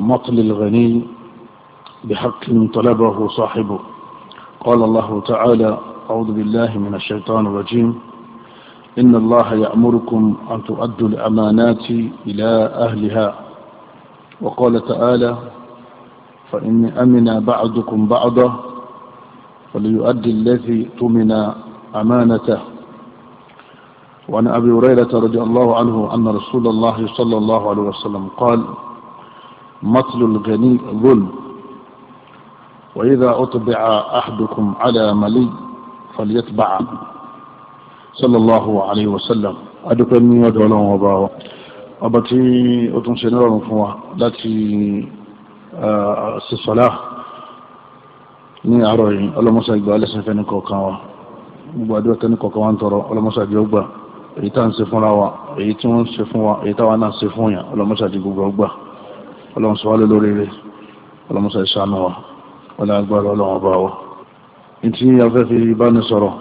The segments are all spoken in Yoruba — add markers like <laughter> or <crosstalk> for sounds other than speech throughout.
مقل الغني بحق طلبه صاحبه قال الله تعالى أعوذ بالله من الشيطان الرجيم إن الله يأمركم أن تؤدوا الأمانات إلى أهلها وقال تعالى فإن أمن بعضكم بعضا فليؤدي الذي تمن أمانته وعن أبي هريرة رضي الله عنه أن رسول الله صلى الله عليه وسلم قال مثل الغني ظلم وإذا أطبع أحدكم على ملي فليتبع صلى الله عليه وسلم adúpẹ́ ní ọ̀dọ̀ ọlọ́run ọba ọ ọba tí ó tún ṣe nírọ̀rùn fún wa láti sísọ́lá ní àárọ̀ yìí ọlọ́mọ́sá ìgbà alẹ́sìnfẹ́ ní kọ̀ọ̀kan wa gbogbo adúpẹ́ ní kọ̀ọ̀kan wa ń tọrọ ọlọ́mọ́sá ìgbà ọgbà èyí tá à ń ṣe fúnra wa èyí tí wọ́n ń ṣe fún wa èyí táwa náà ṣe fún yàn ọlọ́mọ́sá ìgbà ọgbà ọlọ́run sọ wá lé lórí rẹ̀ ọlọ́run sọ ìṣàánú wa wọ́n lé agbára ọlọ́run ọba wa. ìtì afẹ́fẹ́ ìbánisọ̀rọ̀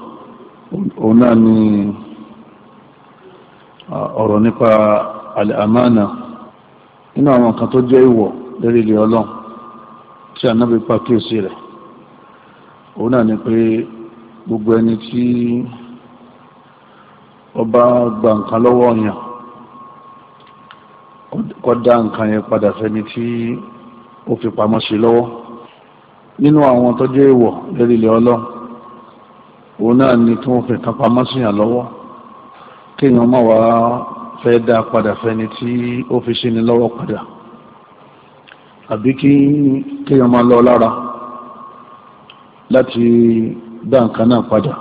òun náà ni ọ̀rọ̀ nípa àmàna nínú àwọn kan tó jẹ́ ìwọ̀ lórí ilé ọlọ́run tí ànábì pa kíyèsí rẹ̀ òun náà ni pé gbogbo ẹni tí ọba gba nǹkan lọ́wọ́ yàn kó dá nǹkan yẹn padà sẹ́ni tí ó fi pamọ́ sí lọ́wọ́ nínú àwọn tọ́jú èèwọ̀ lérí ilẹ̀ ọlọ́run òun náà ni tí wọ́n fi kan pamọ́ sí yàn lọ́wọ́ kéèyàn má wàá fẹ́ dá padà fẹ́ni tí ó fi sí ni lọ́wọ́ padà àbí kí kéèyàn máa lọ lára láti dá nǹkan náà padà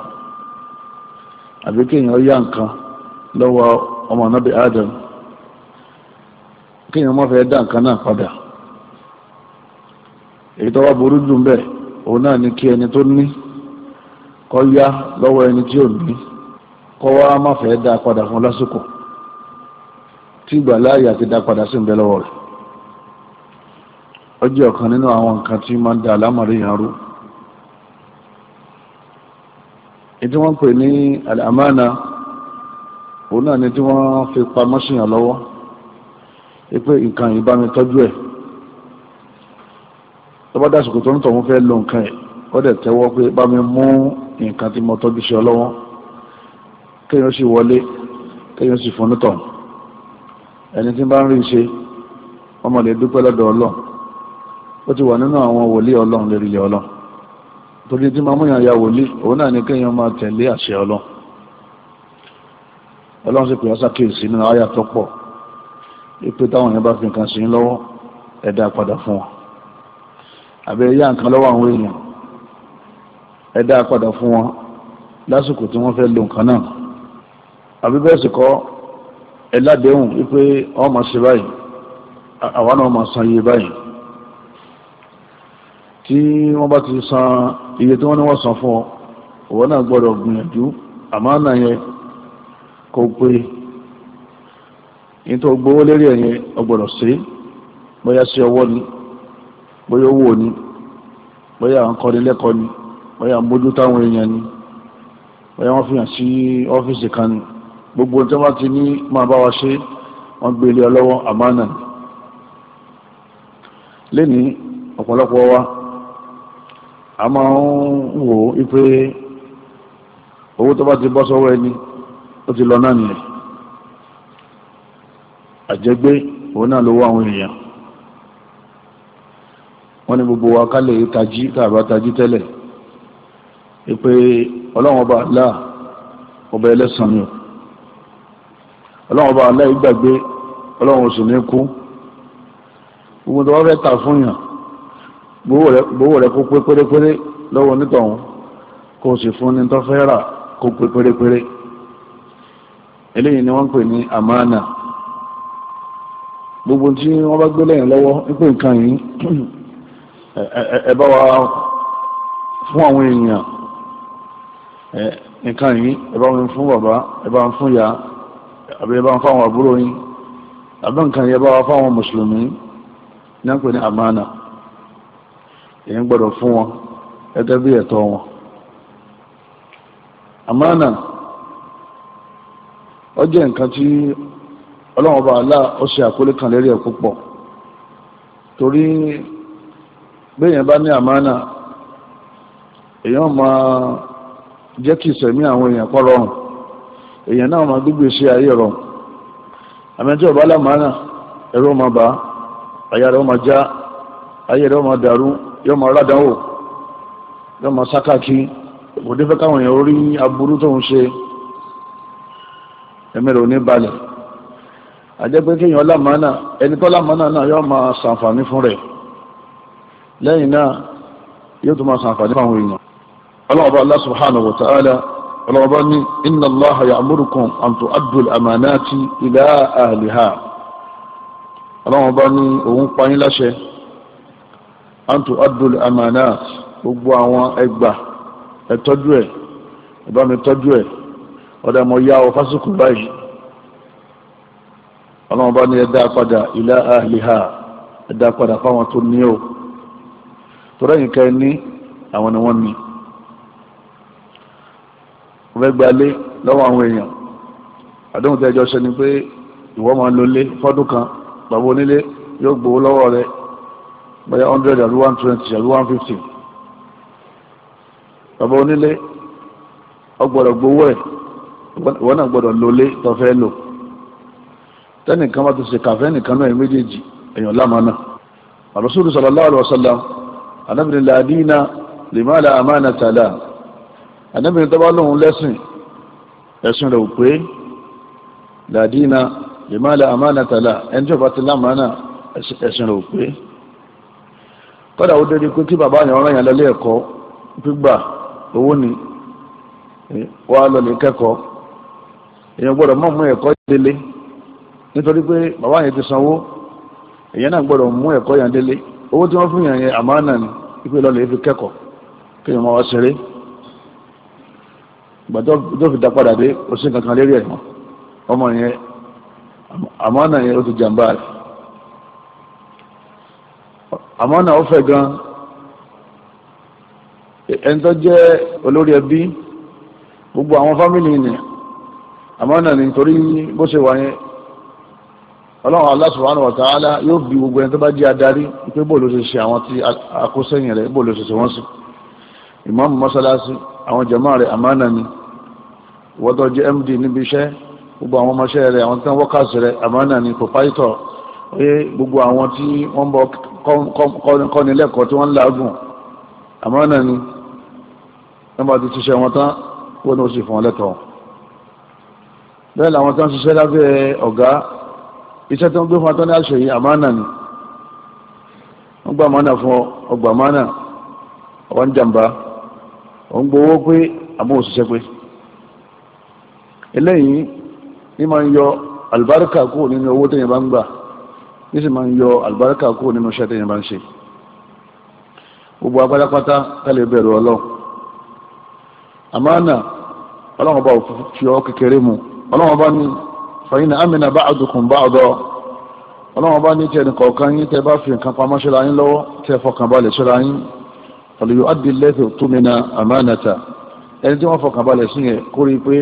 àbí kéèyàn yá nǹkan lọ́wọ́ ọmọ náà bí Adam kí ni wọ́n fẹ́ dá nǹkan náà padà èyí tó wá burú jù bẹ́ẹ̀ òun náà ni kí ẹni tó ní kó yá lọ́wọ́ ẹni tí ò ní kó wá má fẹ́ dá padà fún lásìkò tí ìgbà láàyè àti dá padà sí ń bẹ lọ́wọ́ rẹ̀ ó jẹ́ nínú àwọn nǹkan tí máa ń da àlámọ̀rí yàn rú ètí wọ́n pè ní àmánà òun náà ni tí wọ́n fi pamọ́ sí yàn lọ́wọ́ pé nǹkan yìí bá mi tọ́jú ẹ̀ tọ́ba dásìkò tó ń tọ̀ wọ́n fẹ́ lo nǹkan ẹ̀ ó dẹ̀ tẹ́wọ́ pé bá mi mú nǹkan tí mo tọ́jú sí ọ lọ́wọ́ kéèyàn sì wọlé kéèyàn sì fún nítọ̀ ẹni tí bá ń rí ṣe ọmọ lè dúpẹ́ lọ́dọ̀ ọlọ́run ó ti wà nínú àwọn wòlíì ọlọ́run lérí ilẹ̀ ọlọ́run torí tí máa múyàn ya wòlíì òun náà ni kéèyàn máa tẹ̀lé àṣẹ ọlọ́run ọlọ́run sì pè ọ́ sàkíyèsí nínú àyà tó pọ̀ ipe táwọn èèyàn bá fi nǹkan sí lọ́wọ́ ẹ dá padà fún wọn àbẹ yá nǹkan lọ́wọ́ àwọn èèyàn ẹ dá padà fún wọn lásìkò tí wọ́n fẹ́ lo nǹkan náà àbí bẹ́ẹ̀ sì kọ́ ẹ ládéhùn wípé wọ́n máa ṣe báyìí àwa náà máa san iye báyìí tí wọ́n bá ti san iye tí wọ́n ní wọ́n san fún ọ òwò náà gbọ́dọ̀ gbìyànjú àmọ́ náà yẹ kó pé yìí tó gbowó lérí ẹ̀yìn ọgbọ̀dọ̀ sí bóyá sí ọwọ́ ni bóyá owó ni bóyá àwọn kọ́ni lẹ́kọ̀ọ́ ni bóyá mójú táwọn èèyàn ni bóyá wọ́n fi hàn sí ọ́fíìsì kan ni gbogbo tí wọ́n ti ní máa bá wa ṣe wọ́n gbé ilé ọlọ́wọ́ àmánà ni lẹ́nìí ọ̀pọ̀lọpọ̀ wa a máa ń wò ó pé owó tó bá ti bọ́ sọ́wọ́ ẹni ó ti lọ náà nìyẹn àjẹgbé òun náà ló wá àwọn èèyàn wọ́n ní gbogbo wa kálẹ̀ tají tàbá tají tẹ́lẹ̀ ìpè ọlọ́run ọba àlá ọba ẹlẹ́sàn ni o ọlọ́run ọba àlá ìgbàgbé ọlọ́run oṣù ní kú gbogbo tó wọ́n fẹ́ ta fún yàn gbowó rẹ̀ kó pé pérépéré lọ́wọ́ onítọ̀hún kó o sì fún ní tó fẹ́ rà kó pé pérépéré eléyìí ni wọ́n ń pè ní àmánà. gbogbo tí wọ́n bá gbé lẹ́yìn lọ́wọ́ nípa nǹkan yìí <clears throat> ẹ bá wa fún àwọn èèyàn nǹkan yìí ẹ bá wọn fún bàbá ẹ bá wọn fún ìyá àbí ẹ bá wọn fún àwọn àbúrò yín àbí nǹkan yìí ẹ bá fún àwọn mùsùlùmí náà pè ní èyí ń fún wọn ọlọ́run ọba àlá ó ṣe àkólé kan lérí ẹ̀ púpọ̀ torí béèyàn bá ní àmánà èèyàn máa jẹ́ kí ìsẹ̀mí àwọn èèyàn kọ́ rọrùn èèyàn náà máa gbígbé ṣe ayé rọrùn àjẹ́ pé kéèyàn lámàánà ẹni tó lámàánà náà yóò máa ṣàǹfààní fún rẹ̀ lẹ́yìn náà yóò tún máa ṣàǹfààní fún àwọn èèyàn. ọlọ́ọ̀bá Allah subhanahu wa ta'ala ọlọ́ọ̀bá ní inna Allaha ya'murukum an tu'addu al-amanati ila ahliha ọlọ́ọ̀bá ní òun pa yín láṣẹ an tu'addu al-amanati gbogbo àwọn ẹgbà ẹ tọ́jú ẹ ẹ bá mi tọ́jú ẹ ọ̀dà mọ̀ yá ọ fásitì báyìí ọlọ́run bá ní ẹ̀dá padà ilá àlìhà ẹ̀dá padà fáwọn tó ní o tọ́lá yìí ká ẹ ní àwọn ni wọ́n ní wọ́n fẹ́ gbalé lọ́wọ́ àwọn èèyàn àdéhùn tẹ́jọ ṣe ni pé ìwọ máa lo lé fọ́dún kan bàbá onílé yóò gbowó lọ́wọ́ rẹ bóyá hundred àbí one twenty àbí one fifty bàbá onílé ọgbọ́dọ̀ gbowó ẹ̀ ìwọ náà gbọ́dọ̀ lo lé tó fẹ́ lò tẹ́nìkan bá ti ṣe kàfẹ́ nìkan náà méjèèjì èèyàn lámàánà àlọ́sùrù sallallahu alaihi wasallam anábìrin làdínà lèmọ́lá àmàna tàlà anábìrin tó bá lóun lẹ́sìn ẹ̀sùn rẹ̀ ò pé làdínà lèmọ́lá àmàna tàlà ẹni tí ó bá ti lámàánà ẹ̀sùn rẹ̀ ò pé kọ́dà ó dédé pé tí bàbá yẹn ọ̀ràn yẹn lọ́lé ẹ̀kọ́ gbígbà owó ni wàá lọ kẹ́kọ̀ọ́ èèyàn gbọ́dọ̀ mọ̀ mú ẹ̀kọ́ délé nítorí pé bàbá yẹn ti sanwó èyàn náà gbọ́dọ̀ mú ẹ̀kọ́ yẹn délé owó tí wọ́n fún yẹn yẹn àmọ́ ni ipe lọ́lẹ̀ fi kẹ́kọ̀ọ́ kí ni wọ́n wá ṣeré gbàtọ́ tó fi da padà dé o sì kankan lérí ẹ̀ mọ́ ọmọ yẹn àmọ́ náà yẹn o ti jàǹbá rẹ̀ àmọ́ náà ó gan ẹni tó jẹ́ olórí ẹbí gbogbo àwọn fámìlì ni àmọ́ ni nítorí bó ṣe wà yẹn ọlọ́run Allah subhanahu wa ta'ala yóò bi gbogbo ẹni tó bá jẹ́ adarí pé bó ló ṣe ṣe àwọn tí akósẹ́yìn rẹ̀ bó ló ṣe ṣe wọ́n sí ìmáàmù mọ́sálásí àwọn jàmáà rẹ̀ àmánà ni ìwọ́tọ̀ jẹ́ md níbi iṣẹ́ gbogbo àwọn ọmọọṣẹ́ rẹ̀ àwọn tí wọ́n wọ́kàsí rẹ̀ àmánà ni pòpáìtọ̀ pé gbogbo àwọn tí wọ́n bọ kọ́ni lẹ́kọ̀ọ́ tí wọ́n ń làágùn àmánà ni wọ́n bá ti ṣiṣẹ́ wọn tán wọ́n ní ó sì fún wọn lẹ́tọ̀ọ́ bẹ́ẹ̀ làwọn tí wọ́n ṣiṣẹ́ lábẹ́ ọ̀gá iṣẹ́ tó ń gbé fún atọ́ ní yìí ni wọ́n gba àmánà fún ọgbà àmánà ọwọ́ ń jàǹbá gbowó pé àmọ́ òṣìṣẹ́ pé eléyìí ní máa ń yọ àlùbáríkà kúrò nínú owó téèyàn bá ń gbà ní sì máa ń yọ àlùbáríkà kúrò nínú iṣẹ́ téèyàn bá ń ṣe gbogbo apátápátá fẹ̀yìn náà amina bá àdùkùn bá ọ̀dọ́ ọlọ́wọ́n bá ní tẹ̀lé kọ̀ọ̀kan yín tẹ́ bá fi nǹkan pamọ́ ṣọ́ra yín lọ́wọ́ tẹ́ fọkàn balẹ̀ ṣọ́ra yín pẹ̀lú adì lẹ́tọ̀ tómìnà àmánàtà ẹni tí wọ́n fọkàn balẹ̀ sí yẹn kó rí i pé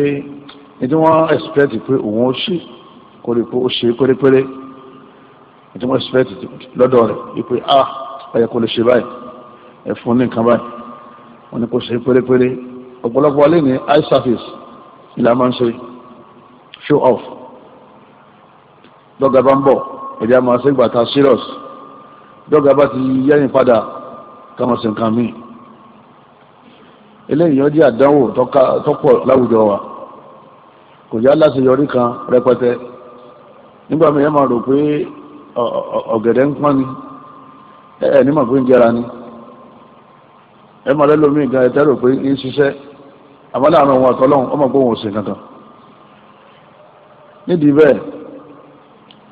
ẹni tí wọ́n ẹ̀sìpẹ́tì pé òun ó ṣe kó rí i pé ó ṣe pérépéré ẹni tí wọ́n ẹ̀sìpẹ́tì lọ́dọ̀ rẹ̀ wípé a ẹ̀yẹ kò lè ṣe báyìí ẹ̀ fún dọ́gà bá ń bọ̀ ẹ̀jẹ̀ máa ṣe gbàtà serious dọ́gà bá ti yẹ́yìn padà ká máa ṣe nǹkan eléyìí yọjú àdánwò tọ́pọ̀ láwùjọ wa kò yá yọrí kan rẹpẹtẹ nígbà míì ẹ máa rò pé ọ̀gẹ̀dẹ̀ ń pọ́n ni ẹ̀ ní ń jẹra ni ẹ máa pé ń ṣiṣẹ́ àmọ́ àtọ́lọ́hún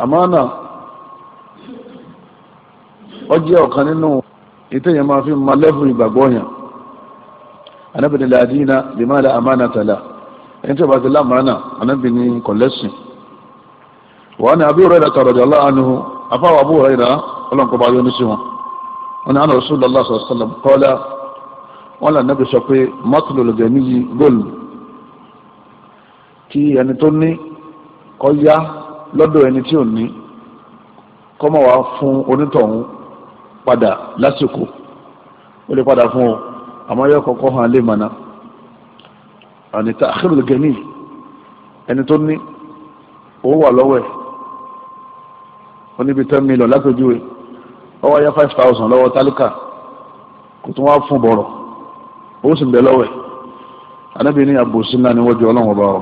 àmánà ó jẹ́ ọ̀kan nínú ìtẹ̀yẹ̀ máa fi máa lẹ́fún ìgbàgbọ́ yàn anábìnrin làdínà lèmọ́lá àmánà tàlà ẹni tí ó bá ti lámàánà anábìnrin kọ̀lẹ́sìn wọ́n ní abúrò rẹ̀ kàrọ̀dọ̀ aláàánú afáwọ̀ abúrò rẹ̀ ọlọ́nkọba yóò ní sí wọn wọn ní àná Rasulullah sallam kọ́lá wọn là nábì sọ pé mọ́tòlù lọ́dọ̀ ẹ̀mí yìí góòlù kí kọ́ yá lọ́dọ̀ ẹni tí ò ní kọ́mọ̀ wá fún onítọ̀hún padà lásìkò ó lè padà fún ọ àmọ́ yóò kọ́kọ́ hàn lè mọ̀nà àní tá àkérò lè gẹ̀ẹ́nì ẹni tó ní owó wà lọ́wọ́ ẹ̀ ó níbi ten million látòjúwe ọwọ́ ayá five thousand lọ́wọ́ tálíkà kò tún wá fún bọ̀rọ̀ owó sì ń bẹ lọ́wọ́ ẹ̀ anábìíní àbòsí ńlá ni wọ́n ju ọlọ́run ọba ọ̀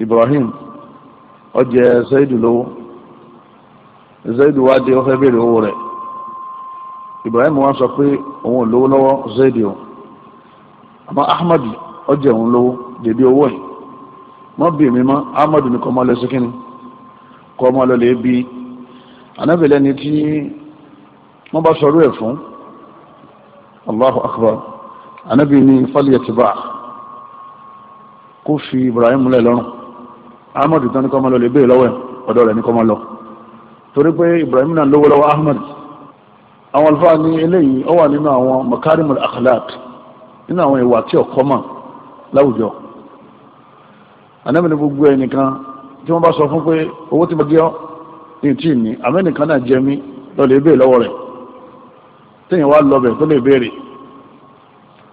Ibrahim ọjẹ Zaidu lówó Zaidu wá dé ọfẹ béèrè owó rẹ̀ Ibrahim wá sọ pé òun ò lówó lọ́wọ́ Zaidu o àmọ́ Ahmad ọjẹ òun lówó dèbí owó ẹ̀ mọ́ bí mi mọ́ Ahmad ni kọ́ ọmọ lọ sí kínní kọ́ ọmọ lọ lè bí anábìlẹ̀ ni tí wọ́n bá sọ̀rọ̀ ẹ̀ fún Allahu akbar anábìlẹ̀ ni fálíyà ti bá kó fi Ibrahim lẹ̀ lọ́rùn ahmed tán ní kọ́ máa lọ lè béèrè lọ́wọ́ ẹ̀ ọ̀dọ̀ rẹ̀ ní kọ́ máa lọ torí pé ibrahim náà lówó lọ́wọ́ ahmed àwọn alfa ní eléyìí ó wà nínú àwọn makarimul akhlaq nínú àwọn ìwà tí ọkọ mọ̀ láwùjọ anábìnrin gbogbo ẹnìkan tí wọ́n bá sọ fún pé owó tí mo gé ọ́ ní tí ní amẹ́nìkan náà jẹ mí lọ́lẹ̀ béèrè lọ́wọ́ rẹ̀ téèyàn wá lọ bẹ̀ tó lè béèrè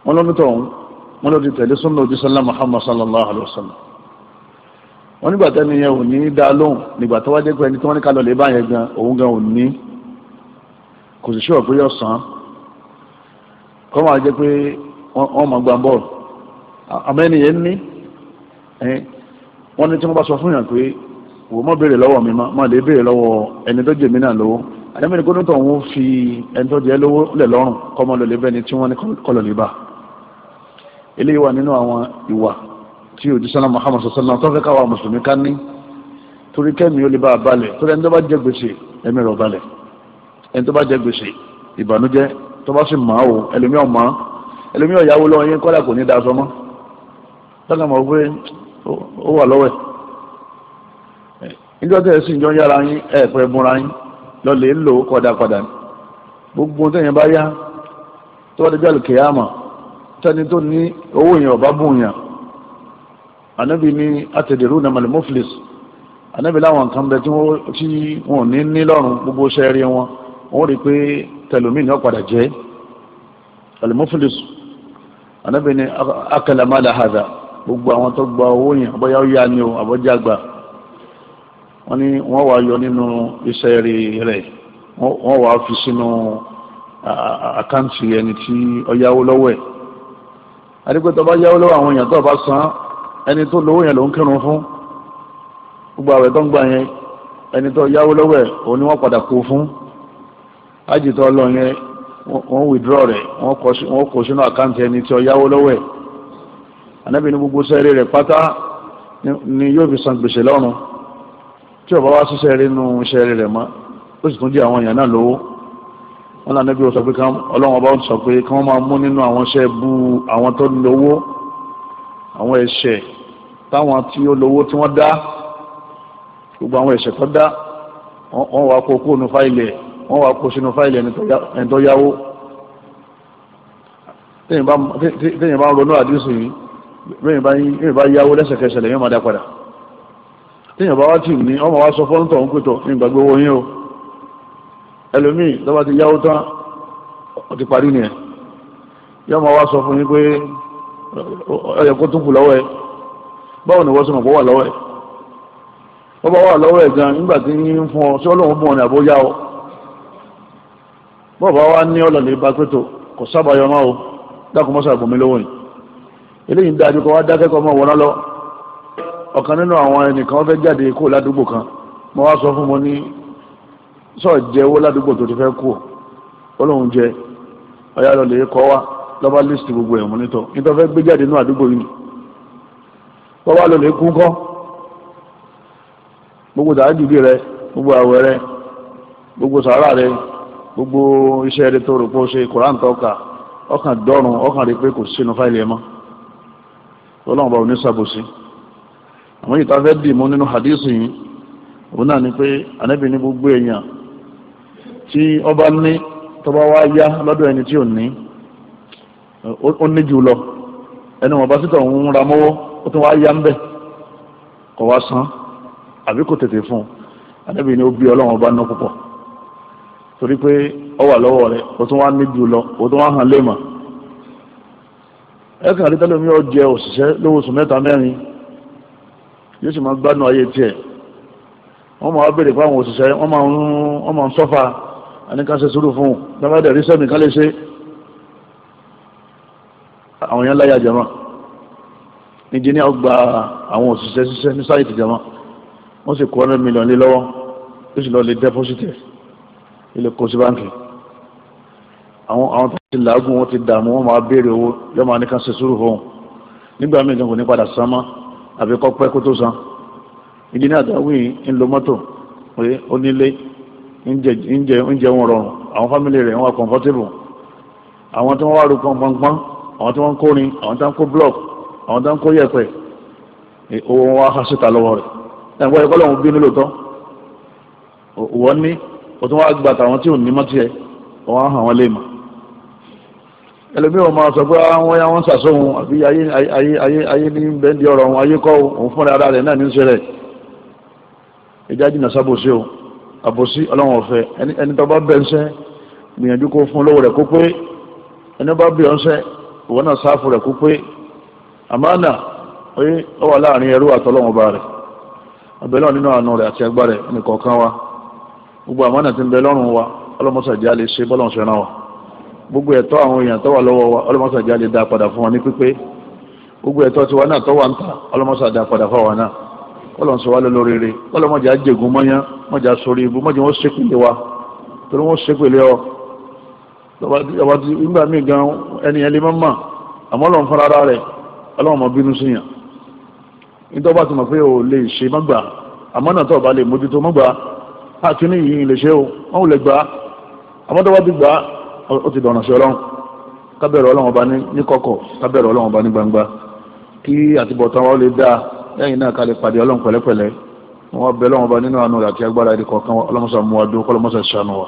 wọ́n lọ́dún tó ń wọ́n lọ́dún tẹ̀lé sunnah ojúṣe ńlá muhammad sallallahu alayhi wa sallam wọn nígbà tó ẹni yẹn ò ní dá lóhùn nígbà tó wá dé pé ẹni tí wọn ní ká lọ lè bá yẹn gan òun gan ò ní kò sì ṣòro pé yọ sàn án kọ́ máa jẹ́ pé wọ́n máa gba bọ́ọ̀lù àmọ́ ẹni yẹn ní wọ́n ní tí wọ́n bá sọ fún yàn pé wò má béèrè lọ́wọ́ mi má má lè béèrè lọ́wọ́ ẹni tó jẹ náà lówó àyẹ̀mí ni gómìnà òun fi ẹni tó jẹ lówó lẹ̀ lọ́rùn kọ́ máa lọ lè bẹ́ẹ̀ ni tí wọ́n ní kọ́ lọ lè bá eléyìí wà nínú àwọn ìwà tí òjísọ́nà Muhammad sọ́sọ́nà tó fẹ́ káwa mùsùlùmí ká ní torí kẹ́mi ó lè bá a balẹ̀ torí ẹni tó bá jẹ gbèsè ẹ̀mí rẹ̀ balẹ̀ ẹni tó bá jẹ gbèsè ìbànújẹ́ tó bá sì máa o ẹlòmí ọ̀ máa ẹlòmí ọ̀ yáwó lọ́wọ́ yẹn kọ́lá kò ní daṣọ mọ́ tọ́ka mọ̀ pé ó wà lọ́wọ́ ẹ̀ níjọ́ tẹ̀ sí ìjọ yára yín ẹ̀ pẹ́ búra yín lọ́lẹ̀ ń lò kọ́dà padà gbogbo tẹ̀yìn bá yá tó bá dé bí àlùkè tẹ́ni tó ní owó yẹn ọ̀bá bùn yàn anabi ni atẹ̀dẹ̀rú na malimoflis anabi láwọn nǹkan bẹ tí wọn ní ní lọ́rùn gbogbo sẹ́ẹ̀rí wọn wọn rí i pé tẹlomin náà padà jẹ́ malimoflis anabi ni akalamala hada gbogbo àwọn tó gba owó yẹn abọ́yá ó yá ni o abọ́já gbà wọ́n ní wọ́n wá yọ nínú iṣẹ́ rẹ̀ wọ́n wá fi sínú àkáǹtì ẹni tí ó yáwó lọ́wọ́ ẹ̀ adigun tó bá yáwó lọ́wọ́ àwọn èèyàn tó bá san ẹni tó lówó yẹn ló ń kírun fún gbogbo àwẹ̀ tó ń gbà yẹn ẹni tó yáwó lọ́wọ́ ẹ̀ òun ni wọ́n padà kó fún ájì tó lọ yẹn wọ́n withdraw rẹ̀ wọ́n kó sínú àkáǹtì ẹni tí ó yáwó lọ́wọ́ ẹ̀ ànábì ní gbogbo sẹ́ẹ̀rẹ́ rẹ̀ pátá ni yóò fi san gbèsè lọ́rùn tí ó bá wá sí sẹ́ẹ̀rẹ́ nínú sẹ́ẹ̀rẹ́ rẹ̀ mọ́ ó sì tún jẹ́ àwọn èèyàn náà lówó wọn lànà bí ọlọ́wọ́n bá sọ pé kí wọ́n máa mú nínú àwọn sẹ́ẹ̀ bú àwọn tó lówó àwọn ẹ̀ṣẹ̀ táwọn tí ó lówó tí wọ́n dá gbogbo àwọn ẹ̀ṣẹ̀ tó dá wọ́n wá kó kóònù fáìlì ẹ̀ wọ́n wá kó sínú fáìlì ẹni tó yáwó téèyàn bá ń ronú àdísù yìí bẹ́ẹ̀ bá yáwó lẹ́sẹ̀kẹsẹ̀ lẹ́yìn máa dá padà téèyàn bá wá tì ní ọmọ wa sọ fọ́ńtọ̀ ń pètò ní ìgbàgbé owó yín o ẹlòmíì lọ́ba ti yáwó tán ó ti parí nìyẹn yọ́mọ wa sọ fún yín pé ọyọ kó tún kù lọ́wọ́ ẹ báwo ni wọ́n sọ̀rọ̀ kó wà lọ́wọ́ ẹ wọ́n bá wà lọ́wọ́ ẹ gan nígbà tí ń fún ọ sí ọlọ́run bùn ọ ní àbójá o bọ́ọ̀ bá wá ní ọlọ́lẹ̀ bá pẹ́tò kò sábàáyọ máa o dákun mọ́sà àgbọ̀n lọ́wọ́ yìí eléyìí dájú kọ́ wá dákẹ́kọ̀ọ́ mọ́ wọn lọ ọ̀kan nínú àwọn ẹnìkan fẹ́ jáde kó ládùúgbò kan mo wá sọ fún mo ní sọ́ọ̀ jẹ́ owó ládùúgbò tó ti fẹ́ kú ọ ọlọ́run jẹ ọ̀yá lọ́lẹ̀ kọ́ wa lọ́ba list gbogbo ẹ̀ mọ́nítọ̀ nítorí fẹ́ gbé jáde àdúgbò yìí kú gbogbo tàájùdì rẹ gbogbo àwẹ̀ rẹ gbogbo sàárà rẹ gbogbo iṣẹ́ rẹ tó rò pé ó ṣe koran ọkàn dọ́rùn ọkàn pé kò sínú fáìlì ẹ̀ mọ́ bá sàbòsí yìí tá a fẹ́ dì nínú hadith yìí pé ní gbogbo èèyàn tí ọba ní tọ́ba wá yá lọ́dọ̀ ẹni tí ò ó ní jù lọ ẹni wọn bá sítọ̀ ń ra mọ́wọ́ ó tún wáá yá ń bẹ̀ kọ́ wá san àbí kò tètè fún un àdébìyí ni ó bí ọlọ́run ọba ná púpọ̀ torí pé ọ wà lọ́wọ́ rẹ̀ ó tún wáá ní jù lọ ó tún wáá hàn léèmọ̀ ẹ kàn rí tẹ́lẹ̀mí ọ jẹ òṣìṣẹ́ lówóṣù mẹ́ta mẹ́rin yóò sì máa gbádùn ayé tiẹ̀ wọ́n máa béèrè fún àwọn òṣìṣẹ́ wọ́n máa ń sọ́fà àníkàṣe sùúrù fún un dábàá dẹ̀ sẹ́mi ká ṣe àwọn èèyàn láyà jama engineer gba àwọn òṣìṣẹ́ ṣiṣẹ́ ní sáyẹ̀tì jama wọ́n sì kó hundred million lé lọ́wọ́ ó sì lọ lè dẹ́pọ́sìtì ilé kó sí báńkì àwọn àwọn tó ti làágùn wọn ti dààmú wọn máa béèrè owó yóò máa ní ká ṣe sùúrù fóun nígbà míì gan kò ní padà san mọ́ àbí kọ́ pẹ́ kó tó san engineer àdáwì ń lo mọ́tò pé ó nílé ń jẹ oúnjẹ wọn rọrùn àwọn fámìlì rẹ̀ wọn comfortable àwọn tí wọ́n wá ru pọnpọnpọn àwọn tí wọ́n ń kórin àwọn tí wọ́n ń kó block àwọn tí wọ́n ń kó yẹ̀pẹ̀ eh, owó wọn wá ha síta lọ́wọ́ rẹ̀ ẹ̀ ń gbọ́ ẹ̀kọ́ lọ́wọ́ bínú lóòótọ́ wọ́n ní o tún wá gba tàwọn tí ò ní mọ́tì ẹ̀ wọ́n á hàn wọ́n lè mọ̀ ẹlòmíràn máa sọ pé àwọn ah, ya wọn sàsóhun àbí ayé ayé ayé ayé ní bẹ́ndì ọ̀rọ̀ wọn ayé kọ́ òun fúnra ara rẹ̀ náà ní ṣe rẹ̀ ìjà jìnnà sábòsí o àbòsí ọlọ́wọ́n ọ̀fẹ́ ẹni tó bá bẹ̀ ń sẹ́ gbìyànjú kó fún lọ́wọ́ rẹ̀ kó pé ẹni bá bẹ̀ ń sẹ́ ìwọ náà sáfù rẹ̀ kú pé àmánà oye ó wà láàrin ẹrú àtọlọ́wọ́n ba rẹ̀ abẹ́lẹ́ nínú àánú rẹ̀ àti agbára rẹ̀ nìkọ̀ọ̀kan wa gbogbo a ti ń bẹ lọ́rùn wa ọlọ́mọsàdì á lè ṣe bọ́lọ̀ wa gbogbo eto àwọn èèyàn tó wa ọlọ́mọsàdì lè dá padà fún wa ní pípé gbogbo ẹ̀tọ́ tiwa náà tó ń ta ọlọ́mọsàdì padà wa náà ń sọ lóríire sórí wa torí wọn tọba ti nígbà míì gan ẹni ẹni máa mà àmọ́ lọ́n fara ara rẹ̀ ọlọ́run mọ̀ bínú sí yàn nítorí bá ti mọ̀ pé o lè ṣe mọ́gbà àmọ́ náà tọ́ba lè mójútó mọ́gbà àkíní yìí lè ṣe o wọ́n ò lè gbà á àmọ́ tọ́ba ti gbà á ó ti dọ̀nà sí ọlọ́run kábẹ̀rẹ̀ ọlọ́run ọba ní kọ̀kọ̀ kábẹ̀rẹ̀ ọlọ́run ọba ní gbangba kí àtibọ̀tán wa ó lè dáa lẹ́yìn náà ká pàdé ọlọ́run pẹ̀lẹ́pẹ̀lẹ́ wọn bẹ ọlọ́run ọba nínú àánú àti agbára ẹ̀dínkọ̀ọ̀kan ọlọ́mọṣà mú wa dúró kọ́lọ́mọṣà ṣàánú wa.